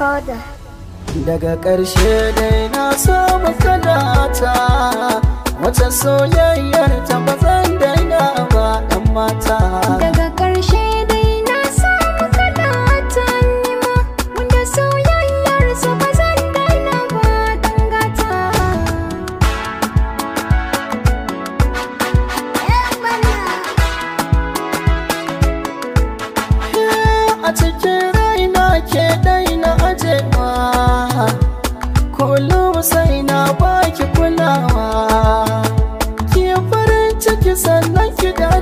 koda. daga ƙarshe dai na samu ta wata soyayyar ta ba zan daina ba ɗan mata daga ƙarshe dai na samu ta nima wanda soyayyar sa ba zan daina ba ɗan gata eh, a cikin yau sai na baki kulawa ki farin ciki sannan ki